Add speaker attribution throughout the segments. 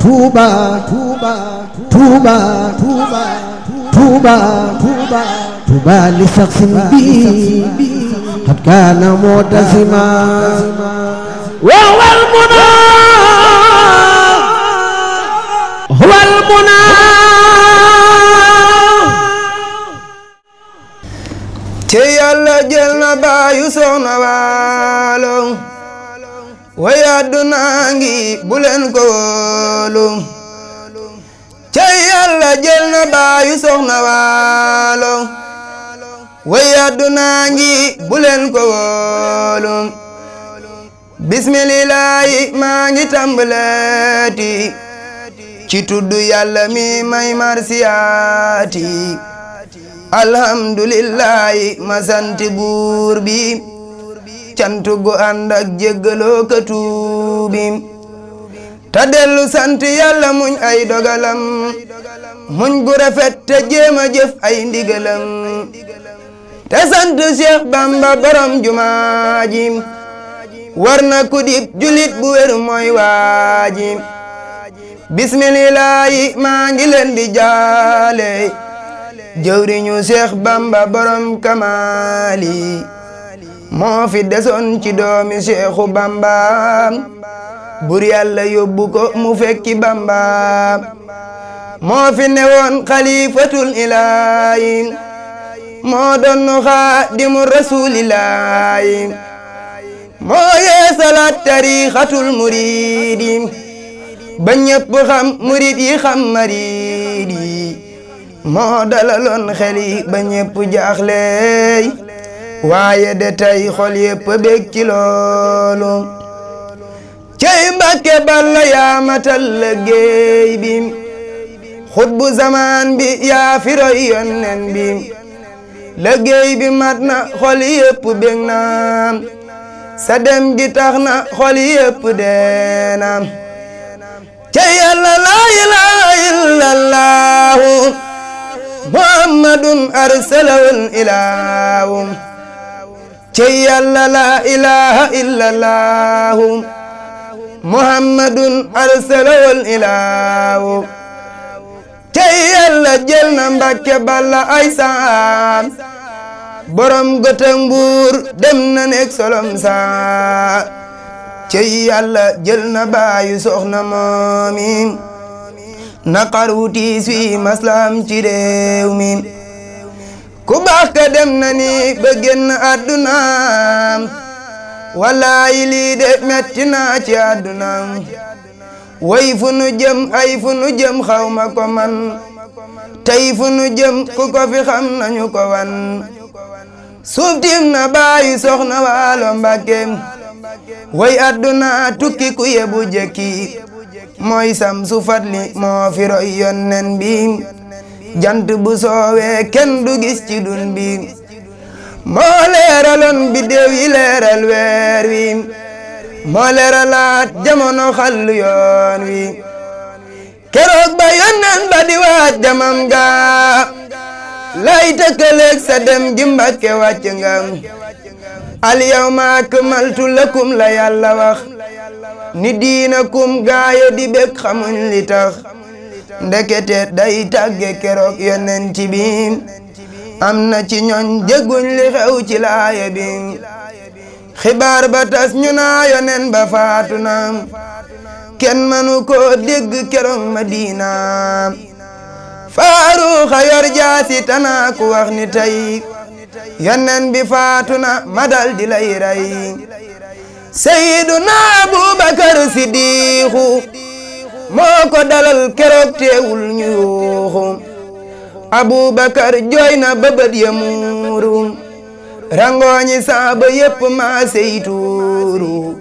Speaker 1: Touba Touba Touba Touba Touba Touba Touba li sax bi qad kaana mu'tazima wa wal muna wal muna ci Yàlla jël na baayu soxna waalo way àddunaa ngi ko wóolu cay yàlla jël na baayu soxna waalo way àddunaa ngi bu leen ko wóolu bismillaahi maa ngi tàmbaleeti ci tuddu yàlla mi may marsiyaati alhamdulillahi ma buur bi cant gu ànd ak jéggaloo tuubim te dellu sant yàlla muñ ay dogalam muñ gu rafet te jéem a jëf ay ndigalam te sant Cheikh Bamba borom jumaa ji war julit bu wér mooy waaji bismilaahi maa ngi leen di jaale jëwriñu Bamba borom kamaali moo fi desoon ci doomi Seexu Bamba bur yàlla yóbbu ko mu fekki Bamba moo fi newoon xalifatul ilaahi moo doon xaadimu rasuulillaahi moo yeesalaat tariixatul muriidi ba ñëpp xam murid xam mariidi moo dalaloon xel ba ñëpp jaaxley waaye de tey xol yépp bég ci loolu cey mbàkke balla yaa matal liggéey zaman bi yaa fi roy yonnen bi liggéey bi na xol yépp bég na gi tax na xol yépp deena cey yàlla laa ilaaha muhammadun arsalahul ilaahum cey yàlla laa ilaha illallahu muhammadun arsalawal ilaahu cey yàlla jël na mbàkke balla ay borom gota mbuur dem na nekk solom cey yàlla jël na baayu soxna moomin naqaru tiis wi maslaam ci réew mi ku baax ka dem na ni ba génn àddunaam wallaayi lii de metti naa ci àddunaam way fu nu jëm ay fu nu jëm xaw ko man tey fu nu jëm ku ko fi xam nañu ko wan suuf na bàyyi soxna waalo mbàkke way àdduna tukki ku yebu jëkki mooy sam su fatli moo fi roy yonnen bi jant bu soowee kenn du ci dun bi moo leeraloon biddéew yi leeral weer wi moo leeralaat jamono xallu yoon wi keroog ba yonnan ba di waat jamam ga lay tëkkaleeg sa dem gi Mbàkke wàcc nga al yawma la yàlla wax ni diinakum gaayo di bég xamuñ li tax ndekete day tàgge keroog yonent bi am na ci ñoñ dégguñ li xew ci laaya bi xibaar ba tas ñu naa yonen ba faatu na kenn mënu koo dégg keroog Madina faaruxa yor jaasi tanaa wax ni tey yonen bi faatu na ma di lay rey sayyiduna abubakar siddiixu moo ko dalal keroog teewul ñu yuuxu Aboubacar jooy na saaba yépp maase yi tuuru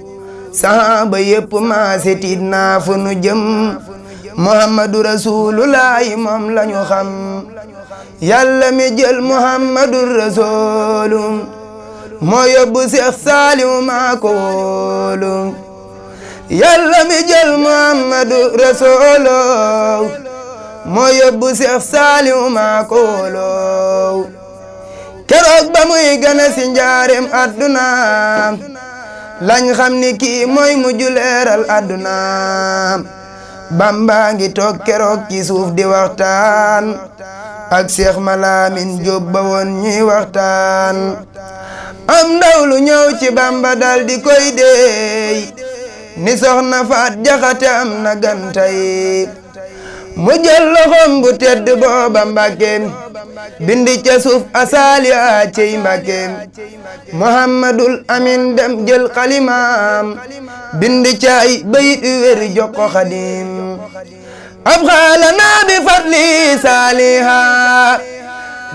Speaker 1: saaba yépp maase tiit naa jëm muhammadu rasulullahi moom lañu xam yàlla mi jël muhammadu rasulu moo yóbbu Seex Saaliw maa ko yàlla mi jël muhammadu rasoolow moo yóbbu seex saaliw maa koolow keroog ba muy gana si njaareem addunaam lañ xam ni kii mooy mujj leeral addunaam bamba ngi toog keroog ci suuf di waxtaan ak seex malaamin jóob ba woon ñuy waxtaan am ndaw ñëw ci bamba dal koy deey ni soxna faat jaxate am na gantay mu jël loxoom bu tedd booba mbàkkeem bindi ca suuf asaali a cey mbàkkeem muhammadul amin dem jël xalimaam bindi ca ay bayit wér jox ko xadim ab xaalana bi fadli saaliha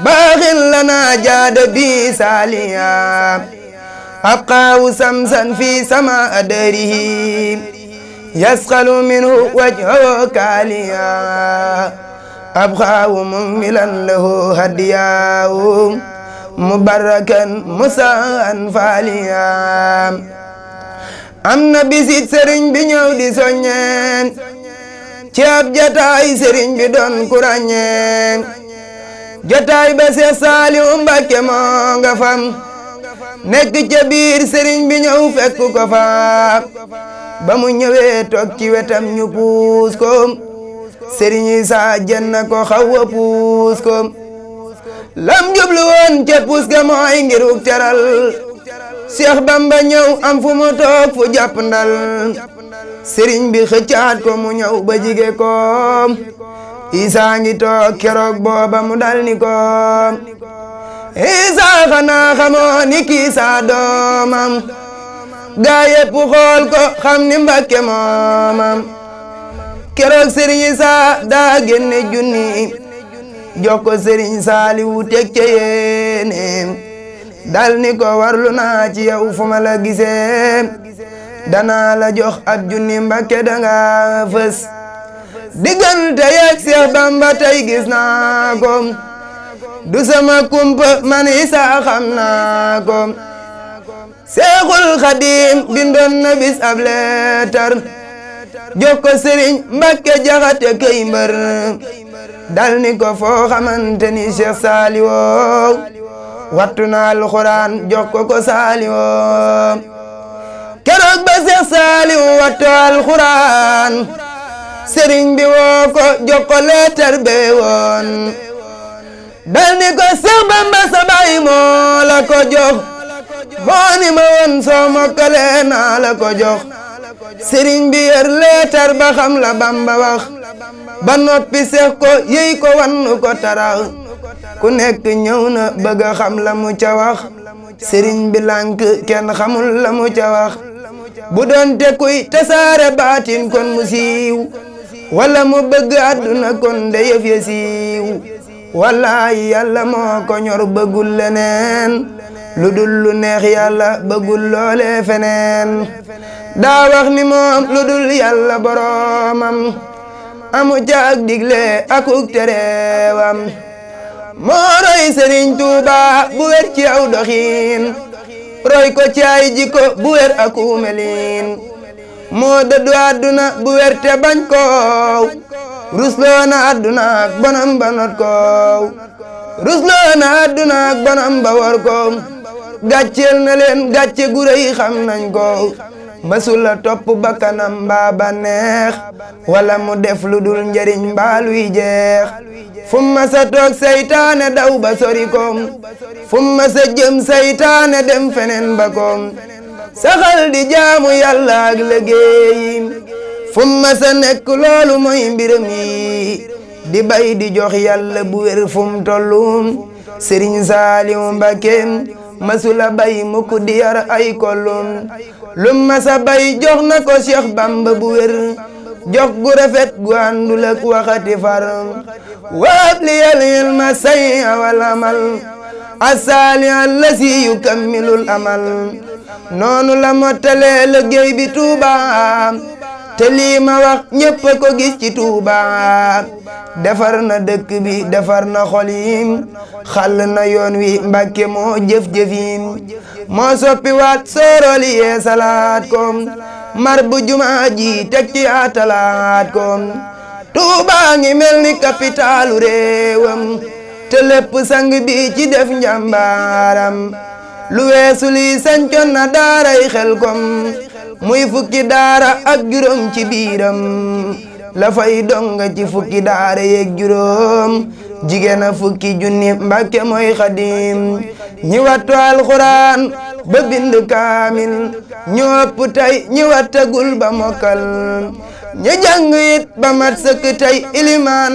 Speaker 1: baaxin lana jaada bi saaliha أبقاه سمسا في سماء داره يسخل منه وجهه كاليا أبقاه مملا له هديا مبركا مساء فاليا am na bisit sëriñ bi ñëw di soññeen ci jataay sëriñ bi doon ku jataay ba Seex Saaliw Mbàkke fam nekk ca biir sëriñ bi ñëw fekk ko fa ba mu ñëwee toog ci wetam ñu puus ko sëriñ yi saa jën ko xaw a puus ko lam jublu woon ca puus ga mooy ngiruk teral Seex Bamba ñëw am fu mu toog fu jàpp ndal sëriñ bi xëccaat ko mu ñëw ba jige koom Isaa ngi toog keroog booba mu dal ni koom isa xanaa xamoo ni kii doomam gaa yépp xool ko xam ni Mbàkke moomam keroog Serigne Saa daa génne junni jox ko Serigne Saaliwu teg dal ni ko warlu naa ci yow fu ma la gisee danaa la jox ab junni Mbàkke danga fës diggante yeeg Seex Bamba tey gis ko du sama kumpa man Isaa xam naa ko Seexul Xadiim bindoon na bis ab leetar jox ko Sëriñ Mbàkke Jaxate kay mbër dal ni ko foo xamante ni Cheikh Saaliwoo wattu na alxuraan jox ko ko Saaliwoo keroog ba Cheikh Saaliw wattu alxuraan Sëriñ bi woo ko jox ko leetar bee woon dal ni ko Seex Bamba sa moo la ko jox moo ni ma woon soo mokkalee naa la ko jox sëriñ bi yër leetar ba xam la Bamba wax ba noppi seex ko yëy ko wannu ko tarax ku nekk ñëw na bëgg xam la mu ca wax sëriñ bi lànk kenn xamul la mu ca wax bu doon te kuy tasaare kon mu siiw wala mu bëgg àdduna kon de yëf ya siiw wallaay yàlla moo ko ñor bëggul leneen lu dul lu neex yàlla bëggul loolee feneen daa wax ni moom lu dul yàlla boroomam amu caag digle akuk tereewam moo roy Serigne Touba bu wér ci aw doxiin roy ko ci ay jikko bu wér aku moo dëddu àdduna bu wér te koow rusloo na àdduna ak banam ba not koow rusloo na àdduna ak banam ba war koow gàcceel na leen gàcce gu rëy xam nañ ko mësula topp bakkanam ba neex wala mu def lu dul njëriñ mbaa luy jeex fu ma sa toog saytaane daw ba sori koom fu sa jëm saytaane dem feneen ba koom saxal di jaamu yàlla ak liggéey fu ma sa nekk loolu mooy mbiram yi di bay di jox yàlla bu wér fu mu tollum sëriñ Saaliw Mbakke masula bay mukk di yar ay kollum lu sa bay jox na ko Cheikh Bamba bu wér jox gu rafet gu àndul waxati far waab li yal ma say awal amal asaali allasi yukammilul amal noonu la mottalee liggéey bi Tuuba te lii ma wax ñëpp a ko gis ci Touba defar na dëkk bi defar na xol yi na yoon wi Mbàkke moo jëf-jëf yi moo soppi waat sooroli yee salaat ko mar bu jumaa ji teg ci atalaat ko Touba ngi mel ni capitalu réewam te lépp sang bi ci def njàmbaaram lu weesu lii na daaray xel kom muy fukki daara ak juróom ci biiram la fay donga ci fukki daara yeeg juróom jigéen a fukki junni mbàkke mooy xadim ñi wattu alxuraan ba bind kaamil ñu ëpp tey ñi wattagul ba mokkal ñu jàng it ba mat sëkk tey ilimaan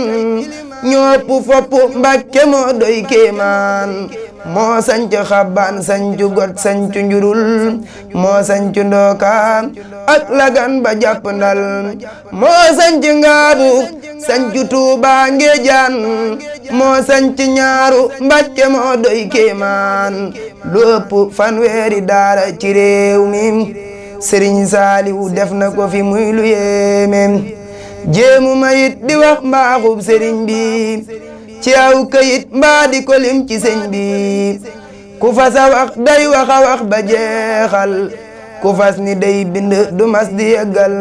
Speaker 1: ñoo pu fopp Mbàkke moo doy kéemaan moo sanc xabbaan sanc got sanc njurul moo sanc ndooka ak lagan ba jàpp moo sanc ngaaru sanc tuuba moo sanc ñaaru Mbàkke moo doy kéemaan lépp fanweeri daara ci réew mi Sëriñ Saaliw def na ko fi muy lu yéeme jéemu ma it di wax mbaaxub sëriñ bi ci aw kayit mbaa di ko lim ci sëñ bi ku a wax day wax wax ba jeexal ku ni day bind du mas di yeggal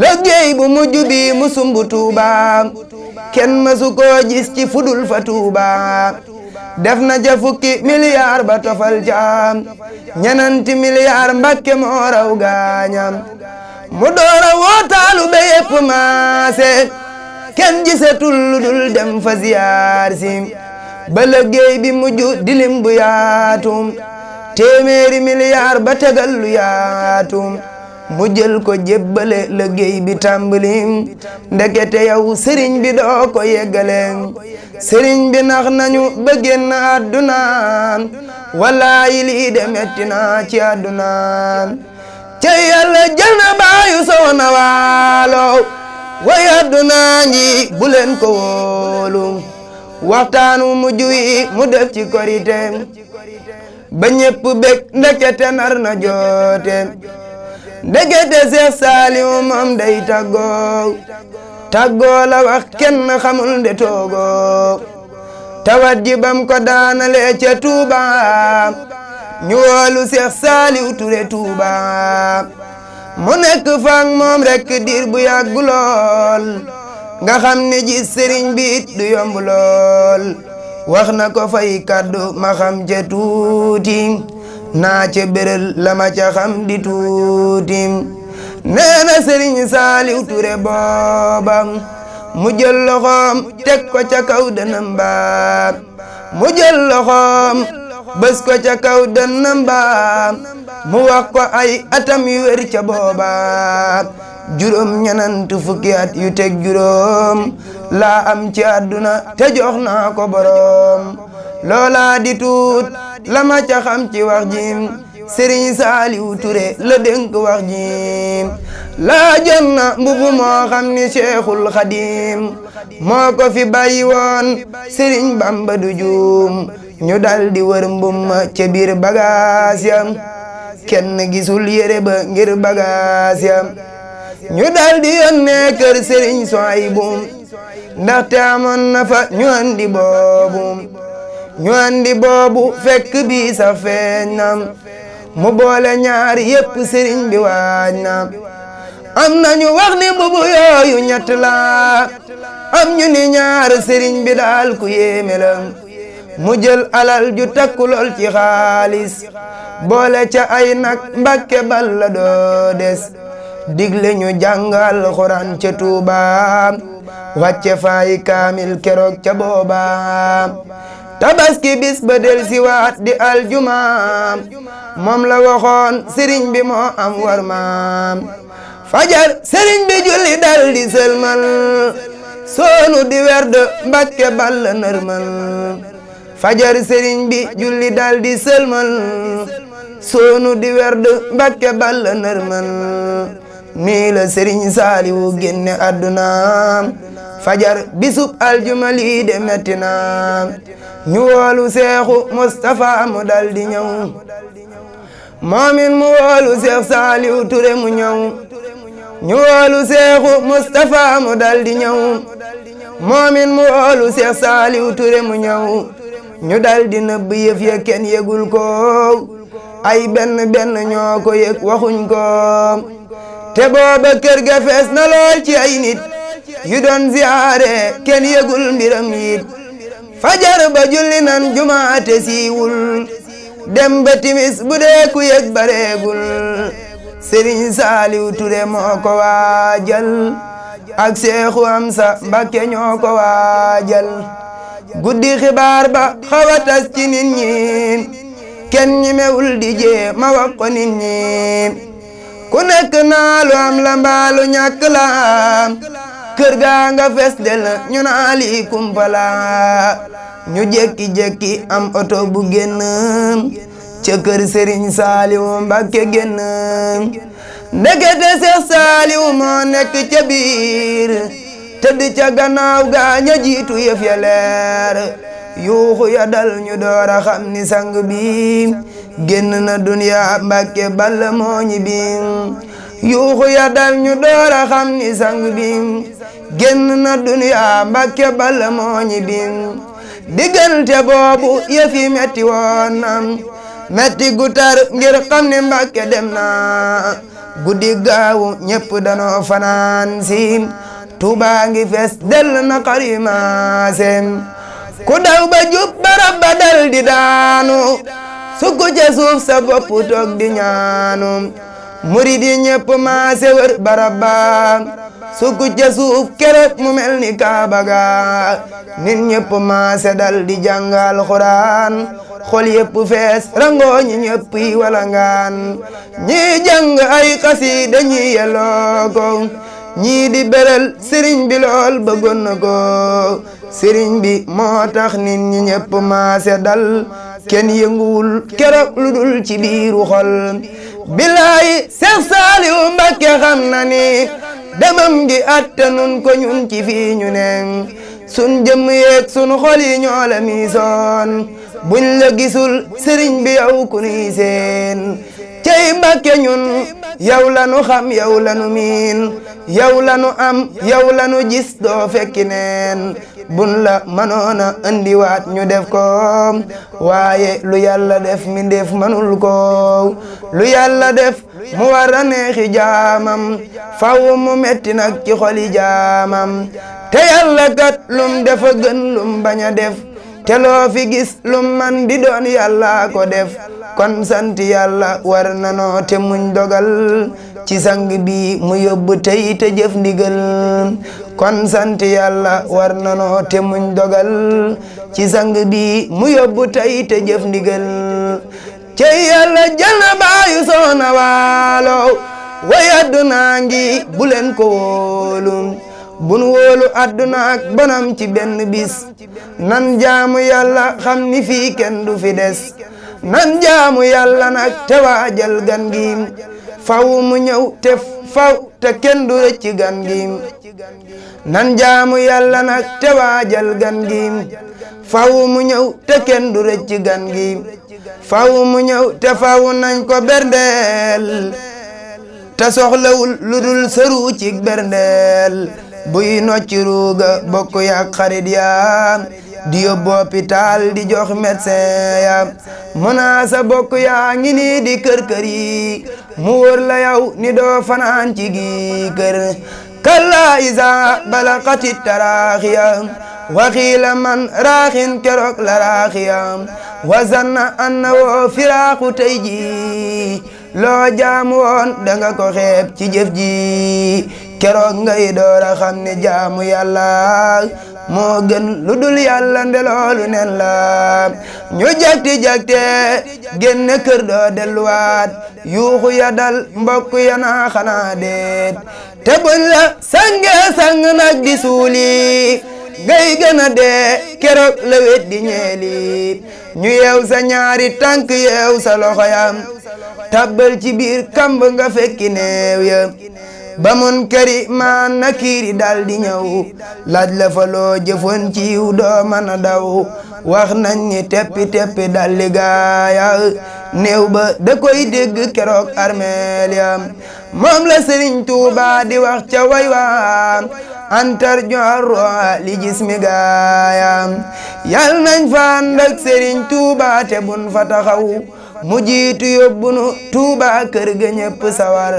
Speaker 1: liggéey bu mujj bi mu sumb tuuba kenn masu koo gis ci fudul fa tuuba def na ja fukki milliard ba tofal caam ñenanti milliard mbakke moo raw gaañam mu doora woo taalu be yépp maase kenn gisatul lu dul dem fa ziyaar si ba liggéey bi mujj dilim yaatum téeméeri milliard ba tegal yaatum mu jël ko jébbale liggéey bi tàmbali ndekete yow sëriñ bi doo ko yeggale sëriñ bi nax nañu ba génn àdduna wallaayi lii de metti na ci àdduna ca yàlla jël na baayu soxna waalo way addunaa ngi ko wóolu waxtaanu mujj wi mu def ci korite ba ñépp bég ndekete nar na joote ndekete Seex Saaliw moom day tàggoo tàggoo la wax kenn xamul nde toogoo tawat ji bam ko daanalee ca Tuubaa ñu woolu Seex Saaliw Ture Tuuba mu nekk faak moom rek diir bu yàgg lool nga xam ne ji sëriñ bi it du yomb lool wax na ko fay kàddu ma xam ca tuuti naa ca bérél la ma ca xam di tuuti nee sëriñ Saaliw Ture booba mu jël loxoom teg ko ca kaw dënam ba mu jël loxoom bés ko ca kaw dënnam mu wax ay atam yu wér ca booba juróom ñanant fukki at yu teg juróom laa am ci àdduna te jox naa ko boroom loola di tuut la ma ca xam ci wax jim Sëriñ Saaliw la dénk wax jim laa jon na moo xam ni Seexul Xadim moo ko fi bàyyi woon Sëriñ Bamba du ñu dal di wër mbumma ca biir bagaas yam kenn gisul yére ba ngir bagaas yam ñu dal di yónnee kër sëriñ Suwaybu ndaxte amoon na fa ñu andi boobu ñu andi boobu fekk bi feeñ nam mu boole ñaari yépp sëriñ bi waañ na am nañu wax ni mbubu yooyu ñett la am ñu ni ñaar sëriñ bi daal ku yéeme la mu jël alal ju takku lool ci xaalis boole ca ay nag mbàkke bal la doo des digle ñu jàngal xuraan ca Tuuba wàcce faay kaamil keroog ca booba tabaski bis ba del siwaat di aljumaam moom la waxoon sëriñ bi moo am war maam fajar sëriñ bi julli dal di soonu di werd mbàkke bal la fajar sëriñ bi julli dal di soonu di werd mbakke balla nërmal nii la sëriñ saaliwu génne àdduna fajar bisub aljuma de metti na ñu woolu seexu Moustapha mu dal di moomin mu woolu seex saaliwu Touré mu ñëw ñu seexu Moustapha mu dal di moomin mu woolu seex saaliwu Touré mu ñëw ñu dal di nëbb yëf ya kenn yëgul ko ay benn benn ñoo ko yëg waxuñ ko te booba kër ga fees na ci ay nit yu doon ziyaare kenn yëgul mbiram yit fajar ba julli nan jumaate siiwul dem ba timis bu dee ku yëg bareegul sëriñ saaliw ture moo ko waajal ak seexu am sa mbakke ñoo ko waajal guddi xibaar ba xaw tas ci nit ñi kenn ñi mewul di jee ma wax ko nit ñi ku nekk naa am la mbaalu ñàkk la kër gaa nga fees del ñu naa lii kumpala ñu jékki-jékki am oto bu génn ca kër sëriñ saaliwu mbàkke génn ndekete seex saaliwu moo nekk ca tëdd ca gannaaw gaa ña jiitu yëf yuuxu ya ñu door xam ni sang bi génn na duniya mbàkke balla moo ñi yuuxu ya ñu door xam ni sang bi génn na duniya mbàkke balla moo ñi bi diggante boobu metti woon metti gu ngir xam ni mbàkke dem na guddi gaawu ñëpp danoo fanaan si Tuubaa ngi fees dell na xarimaasem ku daw ba jub barab ba daanu sukk ca suuf sa bopp toog di ñaanu murid yi ñëpp maase wër barab ba sukk suuf keroog mu mel ni kaaba ga nit ñëpp maase dal di jàngal xuraan xol yëpp fees rangoo ñi ñëpp yi walangaan ñi jàng ay xasiida ñi yelloo ñii di beral sëriñ bi lool bëggoon na ko sëriñ bi moo tax ñi ñëpp maase dal kenn yënguwul keroog lu dul ci biiru xol bilaayi Seex Saaliwu Mbàkke xam na ni demam gi attanun ko ñun ci fii ñu ne sun jëmm yeeg sun xol yi miisoon buñ la gisul sëriñ bi yow ku nuy cey Mbàkke ñun yow la nu xam yow la nu miin yow la nu am yow la nu gis doo fekki neen bun la mënoona indiwaat ñu def ko waaye lu yàlla def mi def mënul ko lu yàlla def mu war a neexi jaamam faw mu metti nag ci xoli jaamam te yàlla kat lum defa gën lum bañ def te loo fi gis lu man di doon yàlla ko def kon sant yàlla war nanoo te muñ dogal ci sang bi mu yóbbu tey te jëf ndigal kon sant yàlla war nanoo te muñ dogal ci sang bi mu yóbbu tey te jëf ndigal cey yàlla jël na baayu soona waalo way adduna ngi bu ko wóolu bun wóolu àdduna ak banam ci benn bis nan jaamu yàlla xam ni fii kenn du fi des nan jaamu yàlla nag te waajal gan giim mu ñëw te kenn du rëcc gan giim nan jaamu yàlla gan giim mu ñëw te kenn du rëcc gan giim faw mu nañ ko berndeel te soxlawul lu dul sëru ci berndeel buy nocci bokk yak xarit ya di yóbbu hôpital di jox médecin ya munaasa bokk yaa ngi di kër kër yi mu wóor la yow ni doo fanaan ci gi kër kallaa izaa balaqati taraaxiya waxiila man raaxin keroog la raaxiya wa zanna annawoo firaaxu tey ji loo jaamu woon danga ko xeeb ci jëf ji keroog nga door a xam ni jaamu yàlla moo gën lu dul yàlla nde loolu nen la ñu jakti jakte génn kër doo delluwaat yuuxu ya dal mbokk ya naa xanaa déet te buñ sange sang nag di suuli ngay gën a dee keroog la wet ñeeli ñu yeew sa ñaari tànk yeew sa loxo yam tabbal ci biir kamb nga fekki neew ya ba mun këri ma nakiri dal di ñëw laaj la fa jëfoon ci yiw doo mën daw wax nañ ni teppi teppi dal di gaaya ba da koy dégg keroog armeel ya moom la sëriñ Tuuba di wax ca way antar joxarro li gis mi gaaya yal nañ fa ànd sëriñ Tuuba te fa taxaw mu jiitu yóbbunu Tuuba kër ga ñëpp sawar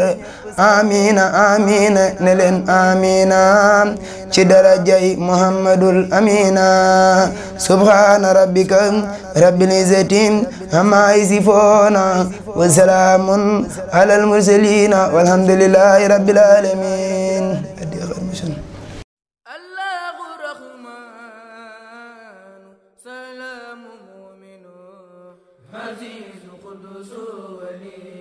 Speaker 1: amina amina ne leen amina ci darajay muhammadul amina subhana rabbika rabbil izzati amma yasifuna wa salamun alal mursalin walhamdulillahi rabbil alamin عزيز قدوس ولي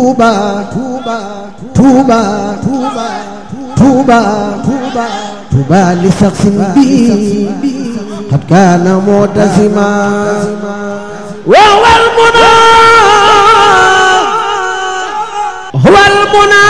Speaker 1: Touba Touba Touba Touba Touba Touba Touba li sax bi xat kaana mutasima wa wal muna wal muna